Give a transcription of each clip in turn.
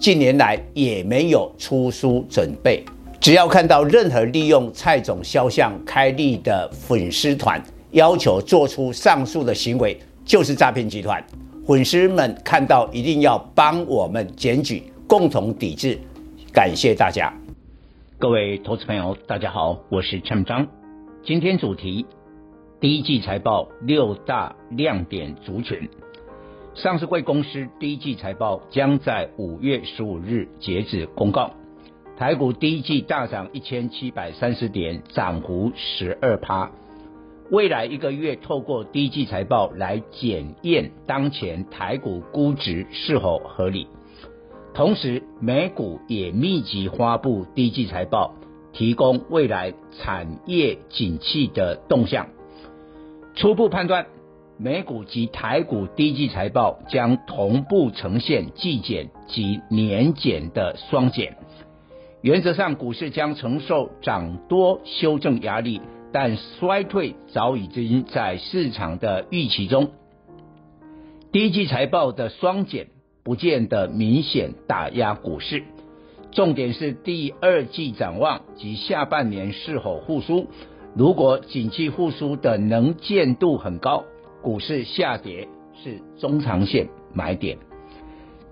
近年來也沒有出書準備，只要看到任何利用蔡總肖像開立的粉絲團，要求做出上述的行為，就是詐騙集團。粉絲們看到一定要幫我們檢舉，共同抵制。感謝大家，各位投資朋友，大家好，我是明彰，今天主題：第一季財報六大亮點族群。上市櫃公司第一季財報將在五月十五日截止公告。台股第一季大漲一千七百三十點，漲幅十二趴。未來一個月透過第一季財報來檢驗當前台股估值是否合理。同時，美股也密集發布第一季財報，提供未來產業景氣的動向。初步判斷。美股及台股第一季財報將同步呈現季減及年減的雙減，原則上股市將承受漲多修正壓力，但衰退早已經在市場的預期中。第一季財報的雙減不見得明顯打壓股市，重點是第二季展望及下半年是否復甦。如果景氣復甦的能見度很高。股市下跌是中長線買點。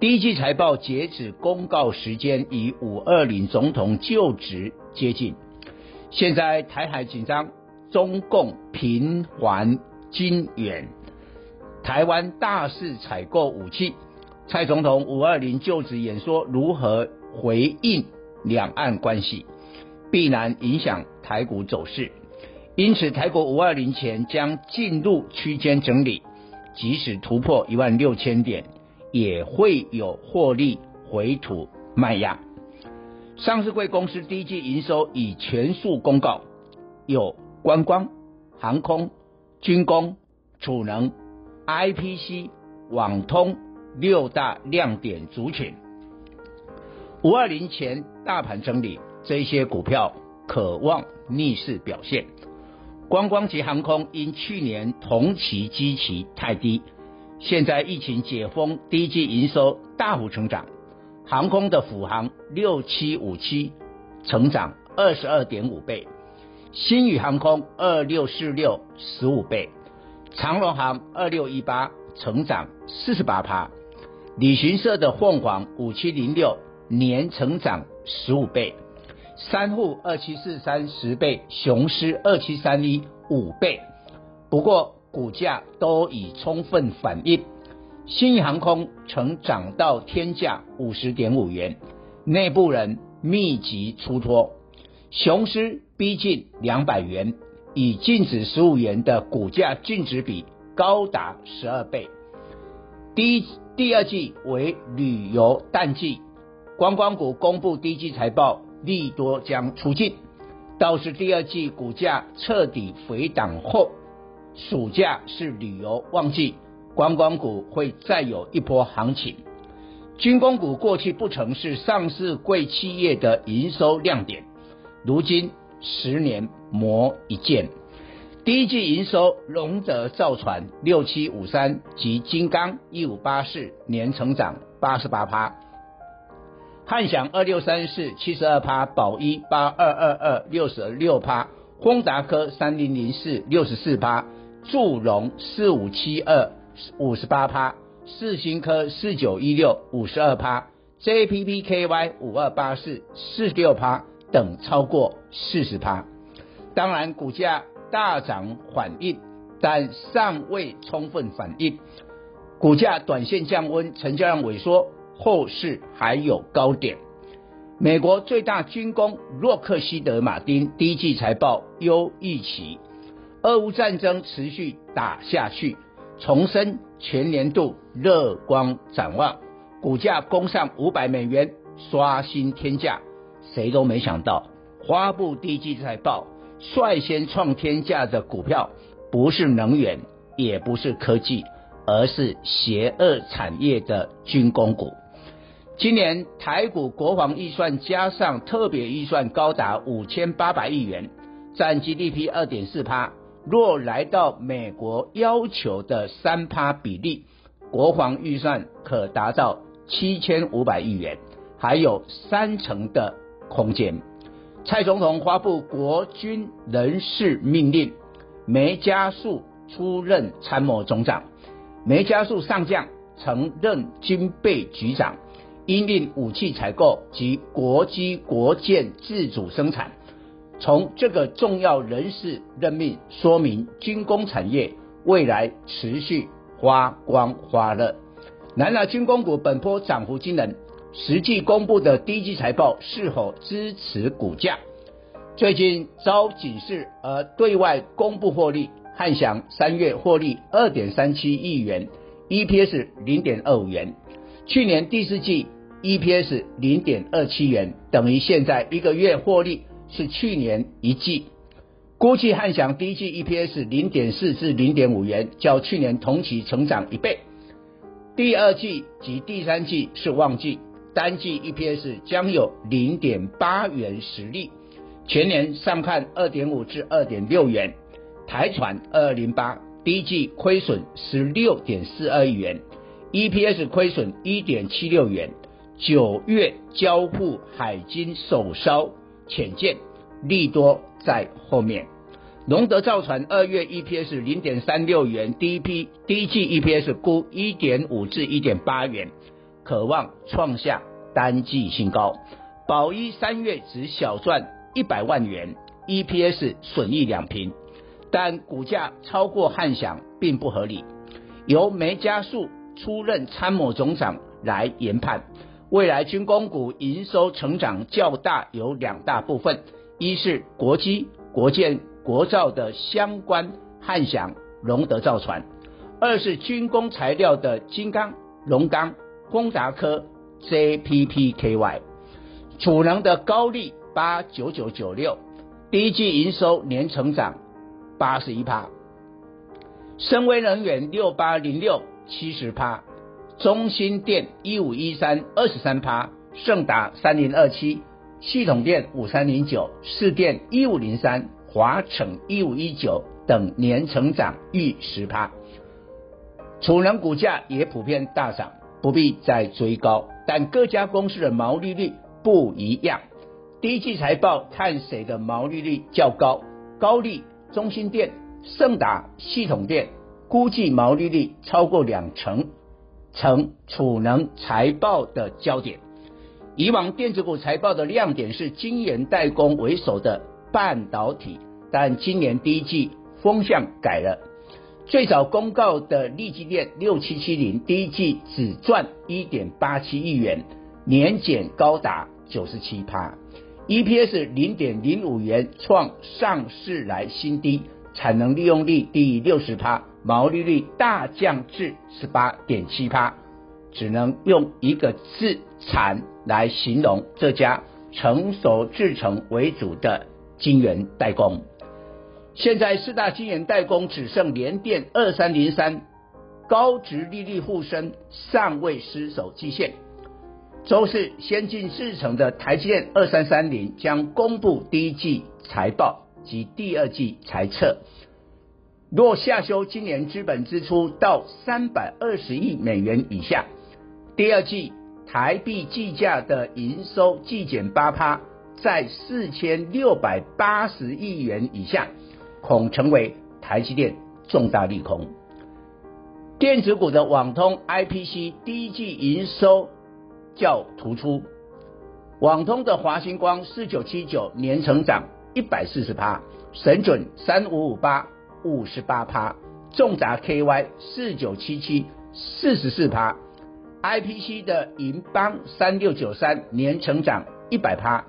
第一季財報截止公告時間與五二零總統就職接近。現在台海緊張，中共頻繁軍演，台灣大肆採購武器。蔡總統五二零就職演說如何回應兩岸關係，必然影響台股走勢。因此，台股520前將進入區間整理，即使突破一萬六千點，也會有獲利回吐賣壓。上市櫃公司第一季營收已全數公告，有觀光、航空、軍工、儲能、IPC、網通六大亮點族群。520前大盤整理，這些股票可望逆勢表現。觀光級航空因去年同期基期太低，現在疫情解封，低基營收大幅成長，航空的復航六七五七成長二十二點五倍，星宇航空二六四六十五倍，長榮航二六一八成長四十八趴，旅行社的鳳凰五七零六年成長十五倍。三戶二七四三十倍，雄獅二七三一五倍，不過股價都已充分反映，新航空曾漲到天價五十點五元，內部人密集出脫，雄獅逼近兩百元，以淨值十五元的股價淨值比高達十二倍。第一，第二季為旅遊淡季，觀光股公布第一季財報。利多將出盡，倒是第二季股價徹底回檔後，暑假是旅遊旺季，觀光股會再有一波行情。軍工股過去不曾是上市貴企業的營收亮點，如今十年磨一劍，第一季營收，龍德造船、六七五三及金剛一五八四，年成長八十八趴。漢翔二六三四七十二趴，寶一八二二二六十六趴，豐達科三零零四六十四趴，祝融四五七二五十八趴，四新科四九一六五十二趴，JPPKY 五二八四四十六趴等超過四十趴。當然，股價大漲緩進，但尚未充分反應，股價短線降溫，成交量萎縮。後市還有高點。美國最大軍工洛克希德馬丁第一季財報優異，起俄烏戰爭持續打下去，重申全年度樂觀展望，股價攻上五百美元，刷新天價。誰都沒想到，發佈第一季財報率先創天價的股票，不是能源，也不是科技，而是邪惡產業的軍工股。今年台股國防預算加上特別預算高達五千八百億元，占 GDP 二點四趴。若來到美國要求的三趴比例，國防預算可達到七千五百億元，還有三成的空間。蔡總統發布國軍人事命令，梅家樹出任參謀總長，梅家樹上將曾任軍備局長。因令武器採購及國機國艦自主生產。從這個重要人事任命，說明軍工產業未來持續發光發熱。南亞軍工股本波漲幅驚人，實際公布的第一季財報是否支持股價？最近遭警示而對外公布獲利，漢翔三月獲利二點三七億元，EPS 零點二五元。去年第四季 EPS 零點二七元，等於現在一個月獲利是去年一季。估計漢翔第一季 EPS 零點四至零點五元，較去年同期成長一倍。第二季及第三季是旺季，單季 EPS 將有零點八元實力，全年上看二點五至二點六元。台船二二零八第一季虧損十六點四二億元。EPS 虧損一點七六元，九月交付海軍首艘潛艦，利多在後面。龍德造船二月 EPS 零點三六元，第一批第一季 EPS 估一點五至一點八元，可望創下單季新高。寶一三月只小賺一百萬元，EPS 損益兩平，但股價超過漢翔並不合理。由煤加速。出任參謀總長來研判，未來軍工股營收成長較大，有兩大部分，一是國機、國艦、國造的相關漢翔、龍德造船；二是軍工材料的精剛、榮剛、工達科、JPPKY，儲能的高力八九九九六，第一季營收年成長八十一趴，森崴能源六八零六，七十趴，中興電一五一三二十三趴，盛達三零二七，系統電五三零九，士電一五零三，華城一五一九等年成長逾十趴。儲能股價也普遍大漲，不必再追高。但各家公司的毛利率不一樣，第一季財報看誰的毛利率較高。高力、中興電、盛達、系統電。估計毛利率超過兩成，成儲能財報的焦點。以往電子股財報的亮點是晶圓代工為首的半導體，但今年第一季風向改了。最早公告的力積電六七七零，第一季只賺一點八七億元，年減高達九十七趴，EPS 零點零五元，創上市來新低，產能利用率低於六十趴。毛利率大降至十八點七趴，只能用一個字“慘”來形容這家成熟製程為主的晶圓代工。現在四大晶圓代工只剩聯電二三零三高值利率護身尚未失守基線，周四先進製程的台積電二三三零將公布第一季財報及第二季財測。若下修今年資本支出到三百二十億美元以下，第二季台幣計價的營收季減八趴，在四千六百八十億元以下，恐成為台積電重大利空。電子股的網通 IPC 第一季營收較突出，網通的華星光四九七九年成長一百四十趴，神準三五五八，五十八趴，重達 KY 四九七七四十四趴，IPC 的銀邦三六九三年成長一百趴，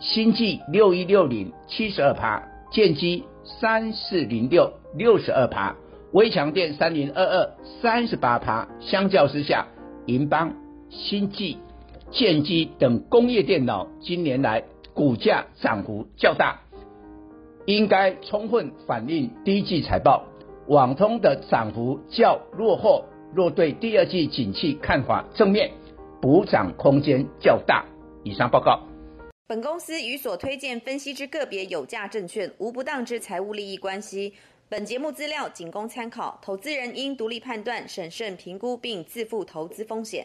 星際六一六零七十二趴，劍基三四零六六十二趴，威強電三零二二三十八趴。相較之下，銀邦、星際、劍機等工業電腦今年來股價漲幅較大。應該充分反映第一季財報，網通的漲幅較落後。若對第二季景氣看法正面，補漲空間較大。以上報告。本公司與所推薦分析之個別有價證券無不當之財務利益關係。本節目資料僅供參考，投資人應獨立判斷、審慎評估並自負投資風險。